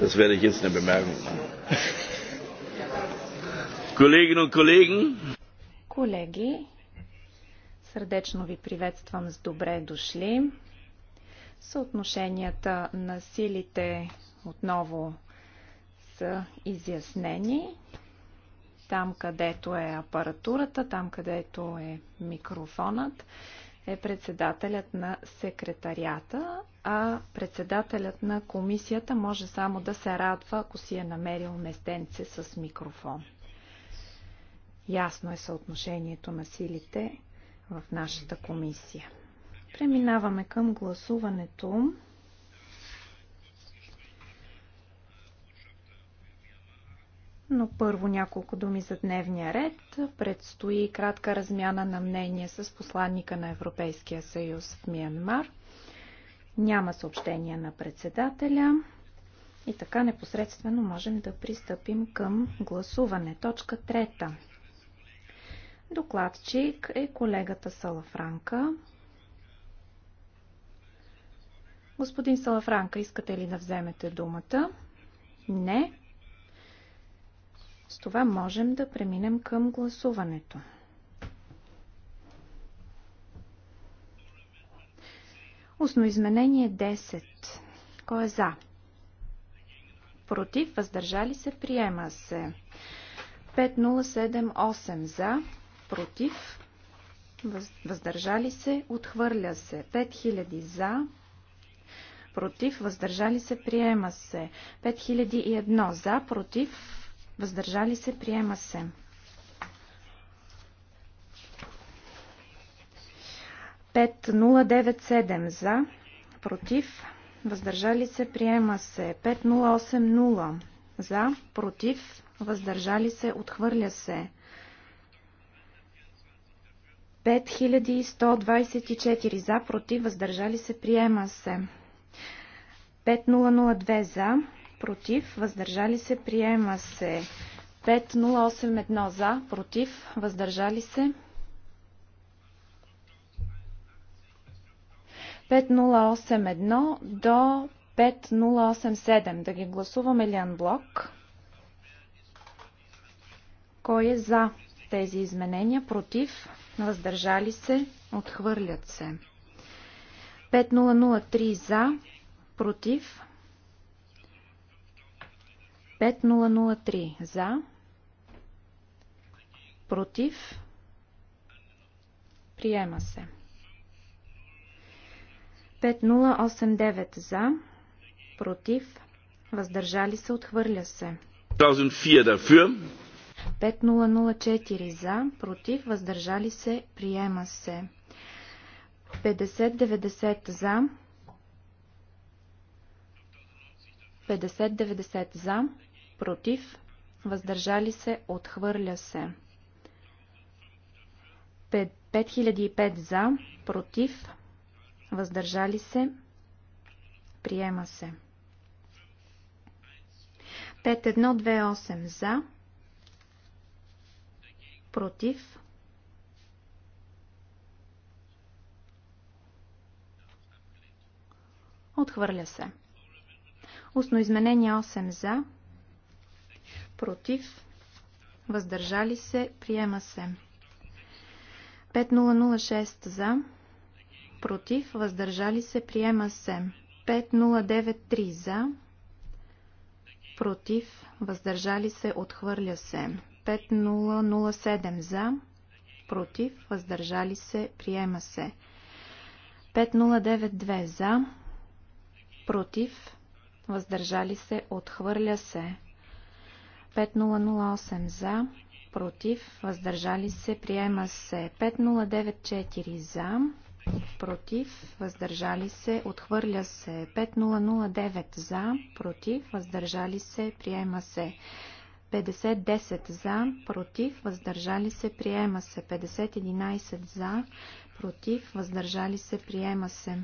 Das werde ich jetzt eine Bemerkung machen. Kolleginnen und Kollegen. Колеги, сърдечно ви приветствам с добре дошли. Съотношенията на силите отново са изяснени. Там, където е апаратурата, там, където е микрофонът, е председателят на секретарията, а председателят на комисията може само да се радва, ако си е намерил местенце с микрофон. Ясно е съотношението на силите в нашата комисия. Преминаваме към гласуването. но първо няколко думи за дневния ред. Предстои кратка размяна на мнение с посланника на Европейския съюз в Миянмар. Няма съобщения на председателя. И така непосредствено можем да пристъпим към гласуване. Точка трета. Докладчик е колегата Салафранка. Господин Салафранка, искате ли да вземете думата? Не. С това можем да преминем към гласуването. Устно изменение 10. Кой е за? Против, въздържали се, приема се. 5078 за, против, въздържали се, отхвърля се. 5000 за, против, въздържали се, приема се. 5001 за, против, въздържали се, приема се. Пет нула девет седем за, против, въздържали се, приема се. Пет нула осем нула за, против, въздържали се, отхвърля се. 5124 за, против, въздържали се, приема се. 5002 за, против, въздържали се, приема се. 5081 за, против, въздържали се. 5081 до 5087. Да ги гласуваме ли анблок? Кой е за тези изменения? Против? Въздържали се? Отхвърлят се. 5003 за, против, 5003 за, против, приема се. 5089 за, против, въздържали се, отхвърля се. 5004 за, против, въздържали се, приема се. 5090 за, 5090 за, против, въздържали се, отхвърля се. 5005 за, против, въздържали се, приема се. 5128 за, против, отхвърля се. Устно изменение 8 за, против, въздържали се, приема се. 5006 за, против, въздържали се, приема се. 5093 за, против, въздържали се, отхвърля се. 5007 за, против, въздържали се, приема се. 5092 за, против, въздържали се, отхвърля се. 5008 за, против, въздържали се, приема се 5094 за, против, въздържали се, отхвърля се 5009 за, против, въздържали се, приема се 5010 за, против, въздържали се, приема се 5011 за, против, въздържали се, приема се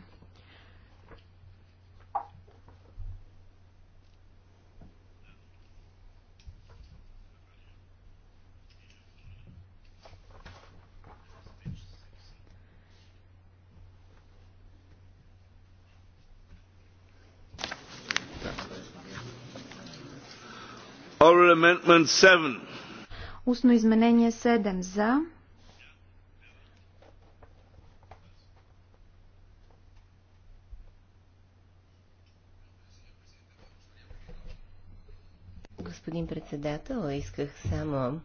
Устно изменение 7 за. Господин председател, исках само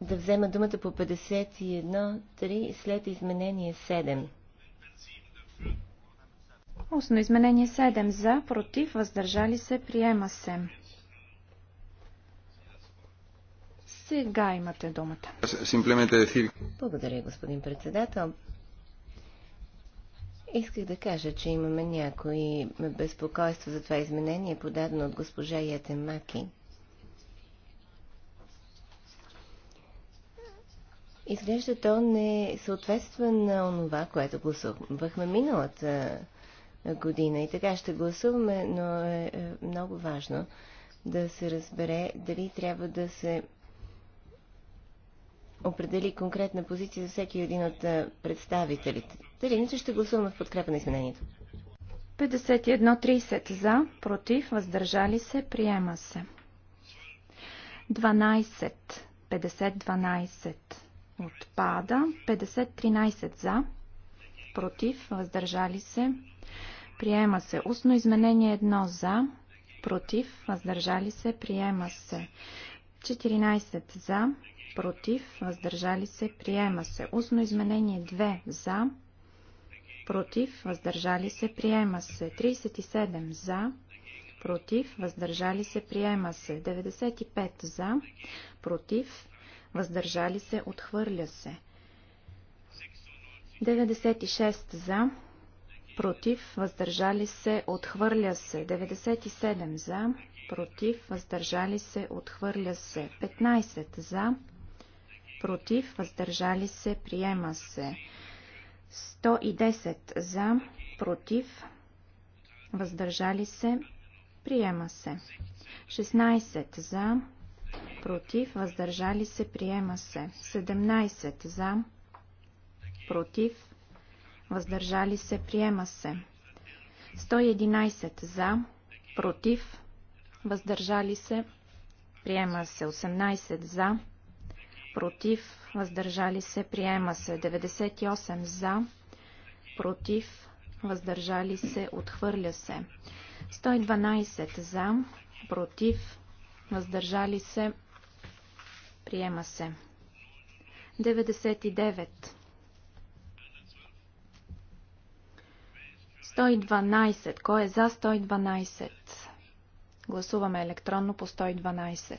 да взема думата по 51.3 след изменение 7. Устно изменение 7 за, против, въздържали се, приема се. Сега имате думата. Благодаря, господин председател. Исках да кажа, че имаме някои безпокойство за това изменение, подадено от госпожа Ятен Маки. Изглежда то не съответства на онова, което гласувахме миналата година и така ще гласуваме, но е, е много важно да се разбере дали трябва да се определи конкретна позиция за всеки един от е, представителите. Дали иначе ще гласуваме в подкрепа на изменението? 51.30 за, против, въздържали се, приема се. 12. 50.12 отпада. 50.13 за, против, въздържали се, приема се. Устно изменение 1 за, против, въздържали се, приема се. 14 за, против, въздържали се, приема се. Устно изменение 2 за, против, въздържали се, приема се. 37 за, против, въздържали се, приема се. 95 за, против, въздържали се, отхвърля се. 96 за, против, въздържали се, отхвърля се. 97 за, против, въздържали се, отхвърля се. 15 за, против, въздържали се, приема се. 110 за, против, въздържали се, приема се. 16 за, против, въздържали се, приема се. 17 за, против, въздържали се, приема се. 111 за, против, въздържали се, приема се. 18 за, против, против, въздържали се, приема се. 98 за, против, въздържали се, отхвърля се. 112 за, против, въздържали се, приема се. 99 112. Кой е за 112? Гласуваме електронно по 112.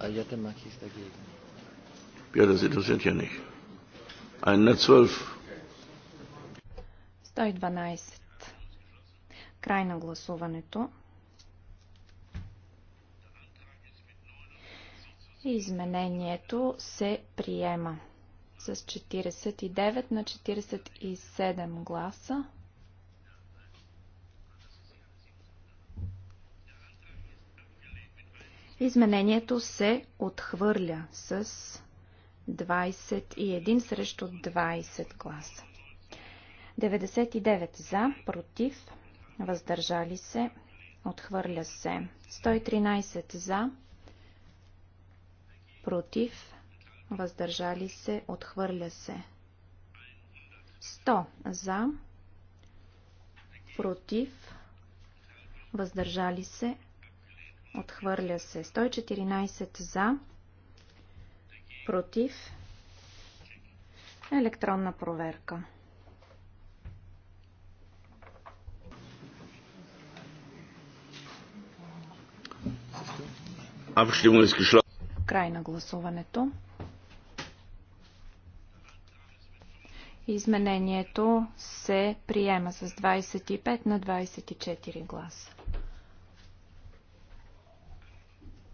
А я те Ja, das interessiert ja nicht. 112. 112. Край на гласуването. Изменението се приема с 49 на 47 гласа. Изменението се отхвърля с 21 срещу 20 гласа. 99 за, против, въздържали се, отхвърля се. 113 за, против, въздържали се, отхвърля се. 100 за, против, въздържали се, отхвърля се. 114 за, против, електронна проверка. Край на гласуването. Изменението се приема с 25 на 24 гласа.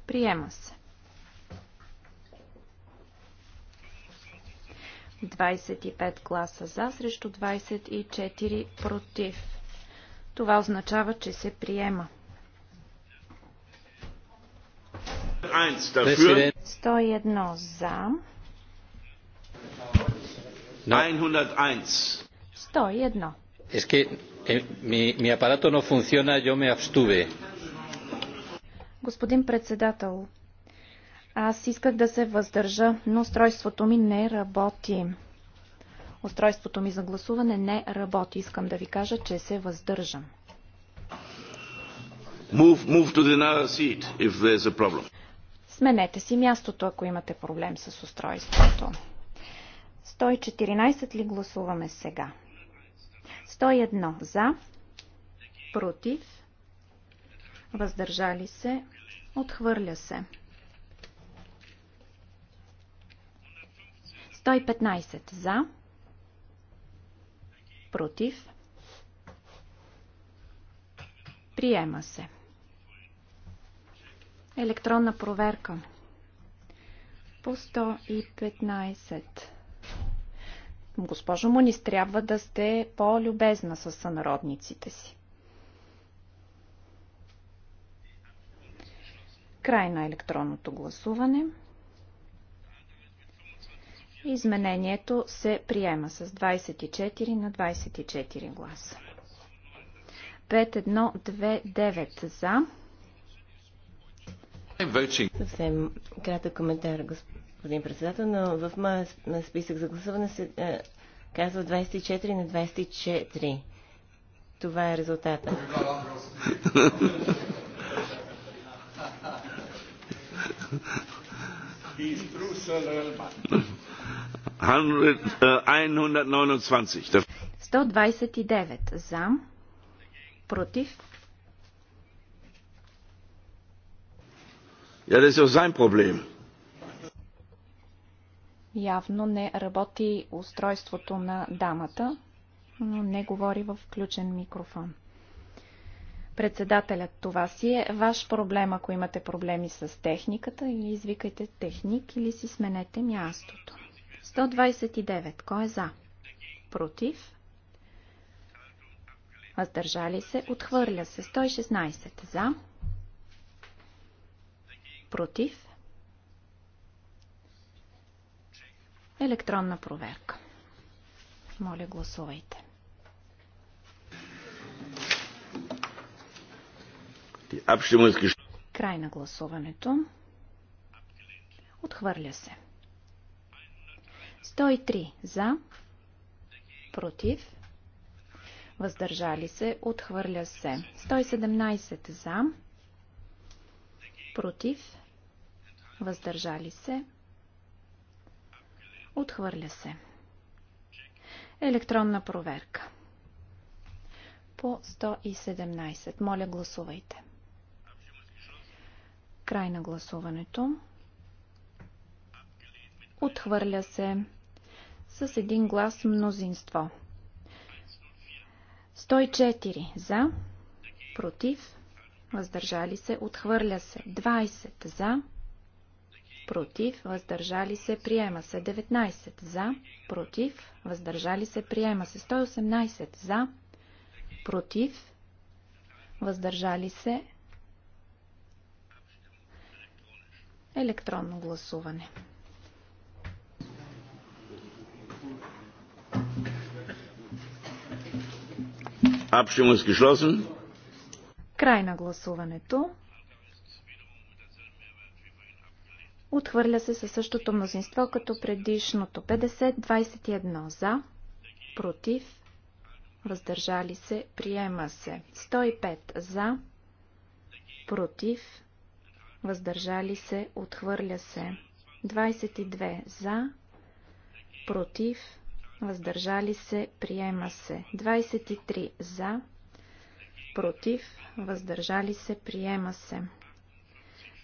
Приема се. 25 гласа за срещу 24 против. Това означава, че се приема. 101 за. 101. Es que eh, mi, mi aparato no funciona, yo me abstuve. Господин председател, аз исках да се въздържа, но устройството ми не работи. Устройството ми за гласуване не работи. Искам да ви кажа, че се въздържам. Move, move to the seat if there's a problem. Сменете си мястото, ако имате проблем с устройството. 114 ли гласуваме сега? 101 за, против, въздържали се, отхвърля се. 115 за, против, приема се. Електронна проверка по 115. Госпожо Мунис, трябва да сте по-любезна с сънародниците си. Край на електронното гласуване. Изменението се приема с 24 на 24 гласа. 5129 за. Съвсем кратък коментар, господин председател, но в моя списък за гласуване се е, казва 24 на 24. Това е резултата. He's Brussels. 129. Uh, за, против. Ja, das ist auch sein Problem. Явно не работи устройството на дамата, но не говори в включен микрофон. Председателят, това си е ваш проблем, ако имате проблеми с техниката, или извикайте техник, или си сменете мястото. 129. Кой е за? Против? Въздържали се? Отхвърля се. 116. За? Против? Електронна проверка. Моля, гласувайте. Край на гласуването. Отхвърля се. 103 за, против, въздържали се, отхвърля се. 117 за, против, въздържали се, отхвърля се. Електронна проверка по 117. Моля, гласувайте. Край на гласуването. Отхвърля се с един глас мнозинство. 104 за, против, въздържали се, отхвърля се. 20 за, против, въздържали се, приема се. 19 за, против, въздържали се, приема се. 118 за, против, въздържали се, електронно гласуване. Abstimmung ist geschlossen. Край на гласуването. Отхвърля се със същото мнозинство като предишното. 50-21 за, против, въздържали се, приема се. 105 за, против, въздържали се, отхвърля се. 22 за, против, въздържали се, приема се. 23 за, против, въздържали се, приема се.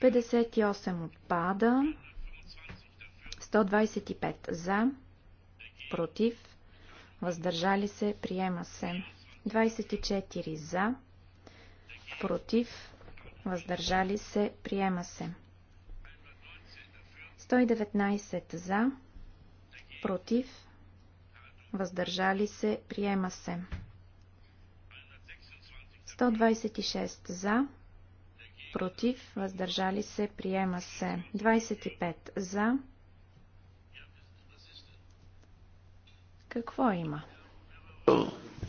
58 отпада. 125 за, против, въздържали се, приема се. 24 за, против, въздържали се, приема се. 119 за, против, въздържали се, приема се. 126 за, против, въздържали се, приема се. 25 за. Какво има?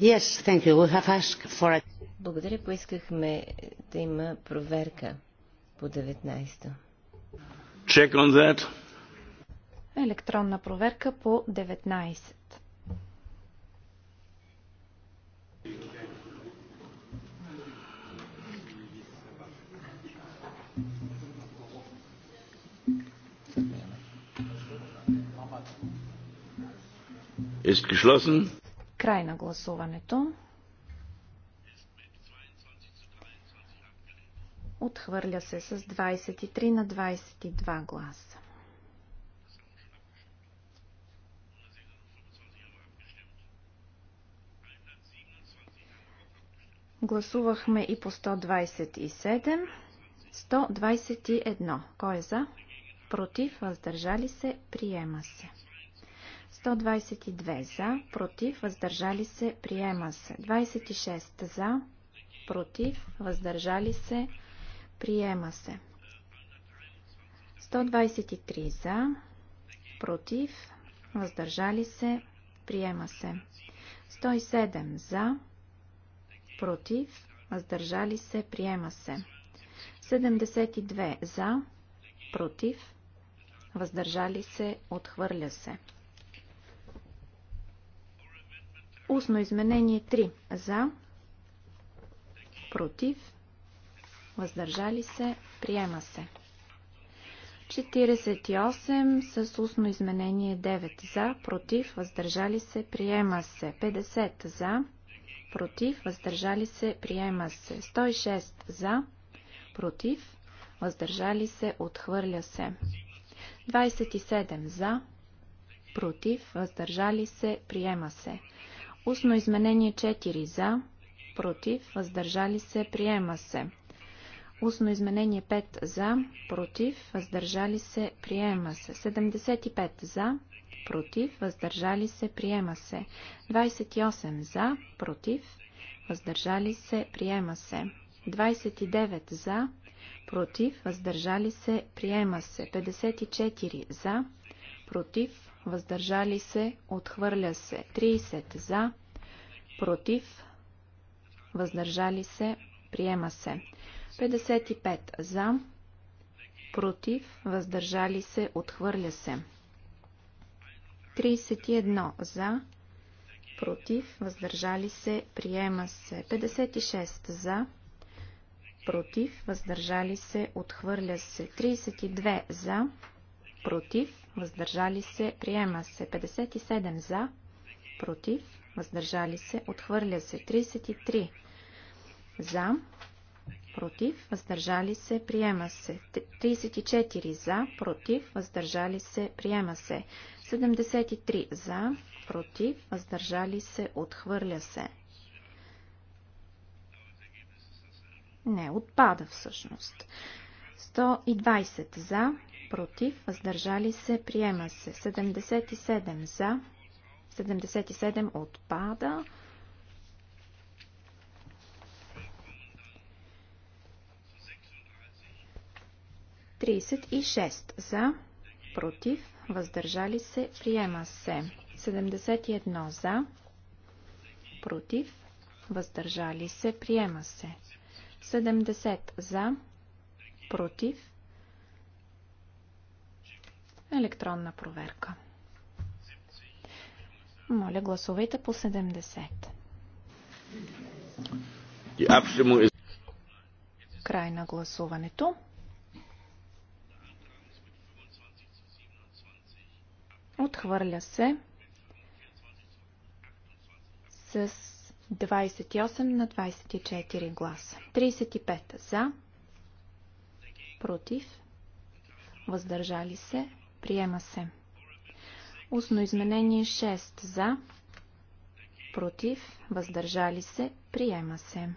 Yes, thank you. We have asked for a... Благодаря, поискахме да има проверка по 19 Check on that. Електронна проверка по 19. Ist geschlossen. Край на гласуването. Отхвърля се с 23 на 22 гласа. Гласувахме и по 127. 121. Кой е за? Против, въздържали се, приема се. 122 за, против, въздържали се, приема се. 26 за, против, въздържали се, приема се. 123 за, против, въздържали се, приема се. 107 за, против, въздържали се, приема се. 72 за, против, въздържали се, отхвърля се. Устно изменение 3. За. Против. Въздържали се. Приема се. 48 с устно изменение 9 за, против, въздържали се, приема се. 50 за, против, въздържали се, приема се. 106 за, против, въздържали се, отхвърля се. 27 за, против, въздържали се, приема се. Устно изменение 4 за, против, въздържали се, приема се. Устно изменение 5 за, против, въздържали се, приема се. 75 за, против, въздържали се, приема се. 28 за, против, въздържали се, приема се. 29 за, против, въздържали се, приема се. 54 за, против, въздържали се, отхвърля се. 30 за, против, въздържали се, приема се. 55 за, против, въздържали се, отхвърля се. 31 за, против, въздържали се, приема се. 56 за, против, въздържали се, отхвърля се. 32 за, против, въздържали се, приема се. 57 за, против, въздържали се, отхвърля се. 33 за, против, въздържали се, приема се. 34 за, против, въздържали се, приема се. 73 за, против, въздържали се, отхвърля се. Не, отпада всъщност. 120 за, против, въздържали се, приема се. 77 за, 77 отпада. и 36 за, против, въздържали се, приема се. 71 за, против, въздържали се, приема се. 70 за, против, Електронна проверка. Моля, гласувайте по 70. Край на гласуването. Отхвърля се с 28 на 24 гласа. 35 за, против, въздържали се, Приема се. Устно изменение 6 за. Против. Въздържали се. Приема се.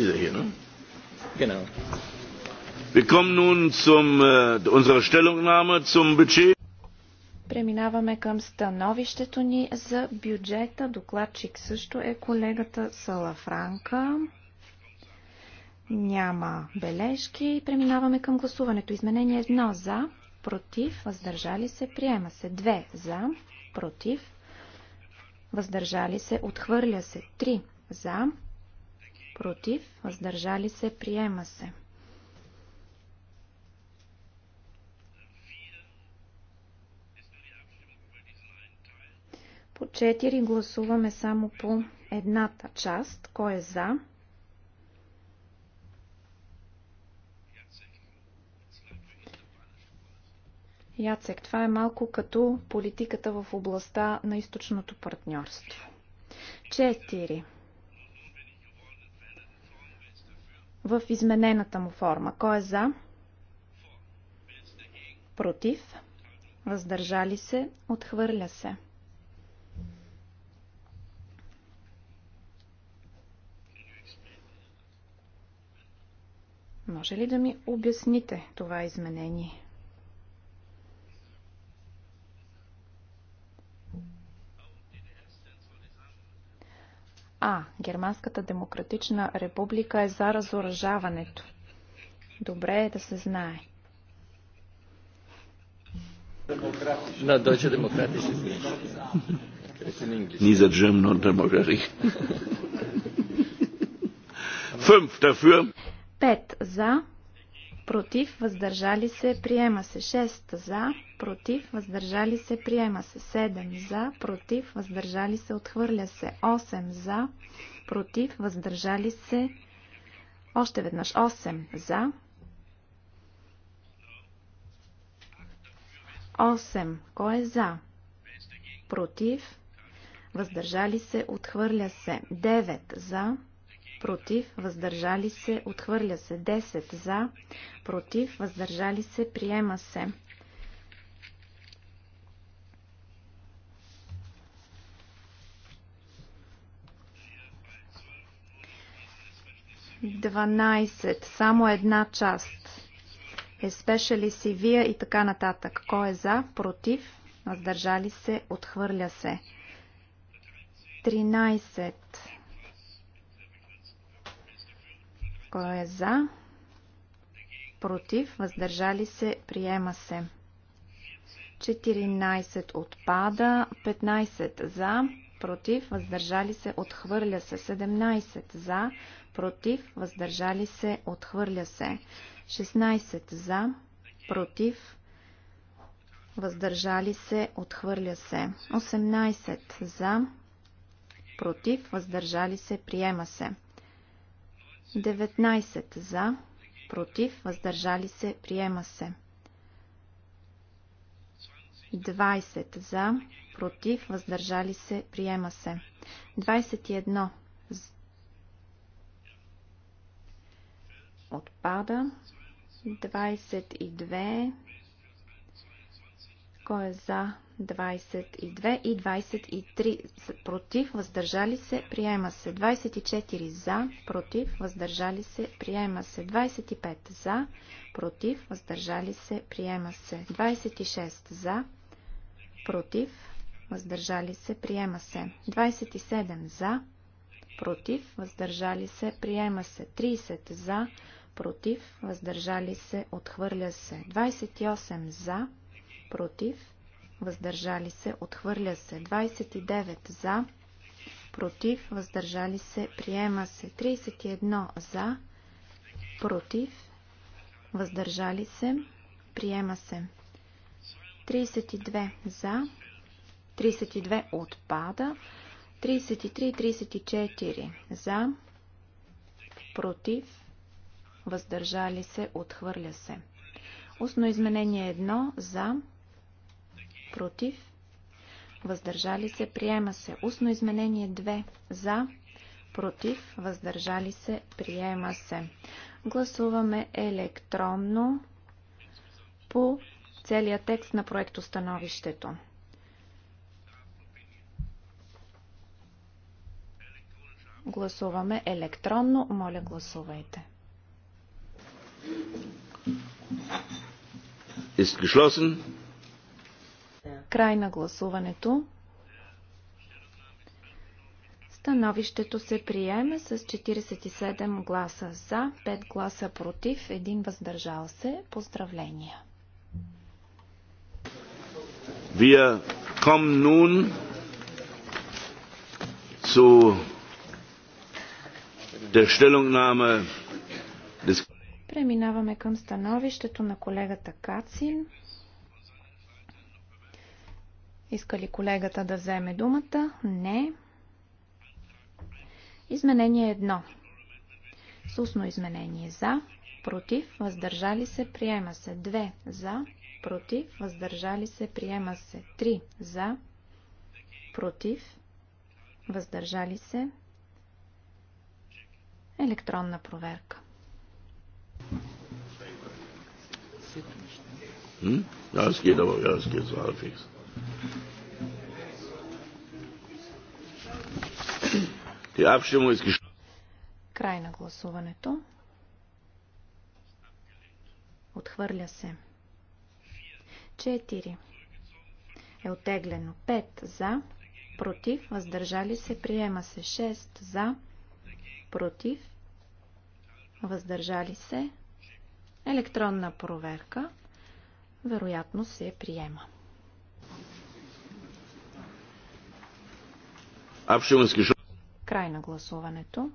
dieser hier, ne? Genau. Wir kommen nun zu äh, unserer Stellungnahme zum Budget. Преминаваме към становището ни за бюджета. Докладчик също е колегата Салафранка. Няма бележки. Преминаваме към гласуването. Изменение 1 за, против, въздържали се, приема се. 2 за, против, въздържали се, отхвърля се. 3 за, против, въздържали се, приема се. По 4 гласуваме само по едната част. Кой е за? Яцек, това е малко като политиката в областта на източното партньорство. 4. В изменената му форма. Кой е за? Против? Въздържали се? Отхвърля се. Може ли да ми обясните това изменение? А. Германската демократична република е за разоръжаването. Добре е да се знае. На Deutsche Demokratische Ni за German und Democratic. Fünf dafür. 5 за, против, въздържали се, приема се. 6 за, против, въздържали се, приема се. 7 за, против, въздържали се, отхвърля се. 8 за, против, въздържали се. Още веднъж 8 за. 8. Кой е за? Против. Въздържали се, отхвърля се. 9 за против, въздържали се, отхвърля се. 10 за, против, въздържали се, приема се. Дванайсет. Само една част. Е си вие и така нататък. Кой е за, против, въздържали се, отхвърля се. 13. Кой е за? Против. Въздържали се. Приема се. 14 отпада. 15 за. Против. Въздържали се. Отхвърля се. 17 за. Против. Въздържали се. Отхвърля се. 16 за. Против. Въздържали се. Отхвърля се. 18 за. Против. Въздържали се. Приема се. 19 за, против, въздържали се, приема се. 20 за, против, въздържали се, приема се. 21 отпада. 22 кой е за, 22 и 23 против, въздържали се, приема се. 24 за, против, въздържали се, приема се. 25 за, против, въздържали се, приема се. 26 за, против, въздържали се, приема се. 27 за, против, въздържали се, приема се. 30 за, против, въздържали се, отхвърля се. 28 за, против, въздържали се, отхвърля се. 29 за, против, въздържали се, приема се. 31 за, против, въздържали се, приема се. 32 за, 32 отпада. 33 34 за, против, въздържали се, отхвърля се. Устно изменение 1 за, против, против, въздържали се, приема се. Устно изменение 2 за, против, въздържали се, приема се. Гласуваме електронно по целия текст на проектостановището. Гласуваме електронно. Моля, гласувайте. Ist geschlossen. Край на гласуването. Становището се приеме с 47 гласа за, 5 гласа против, 1 въздържал се. Поздравления! Wir kommen nun zu der Stellungnahme des Преминаваме към становището на колегата Кацин иска ли колегата да вземе думата? Не. Изменение 1. Сусно изменение за, против, въздържали се, приема се. 2. За, против, въздържали се, приема се. 3. За, против, въздържали се. Електронна проверка. Аз ги es аз ги Край на гласуването. Отхвърля се. 4. Е отеглено. 5 за. Против. Въздържали се. Приема се. 6 за. Против. Въздържали се. Електронна проверка. Вероятно се приема. Абшимански Край на гласуването.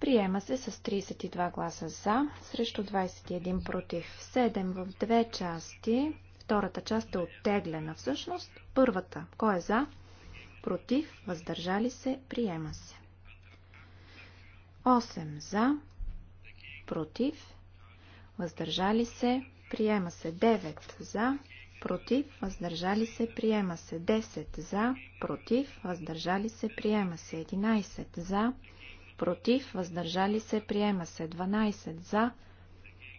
Приема се с 32 гласа за, срещу 21 против. 7 в две части. Втората част е оттеглена. Всъщност, първата. Кой е за? Против. Въздържали се. Приема се. 8 за. Против въздържали се, приема се 9 за, против, въздържали се, приема се 10 за, против, въздържали се, приема се 11 за, против, въздържали се, приема се 12 за,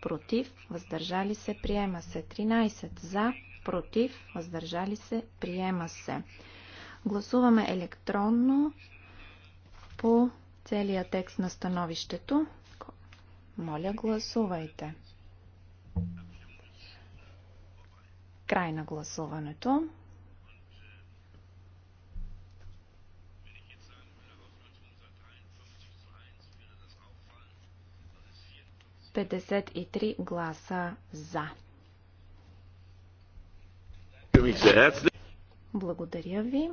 против, въздържали се, приема се 13 за, против, въздържали се, приема се. Гласуваме електронно по целия текст на становището. Моля, гласувайте. Край на гласуването. Петдесет и три гласа за. Благодаря ви.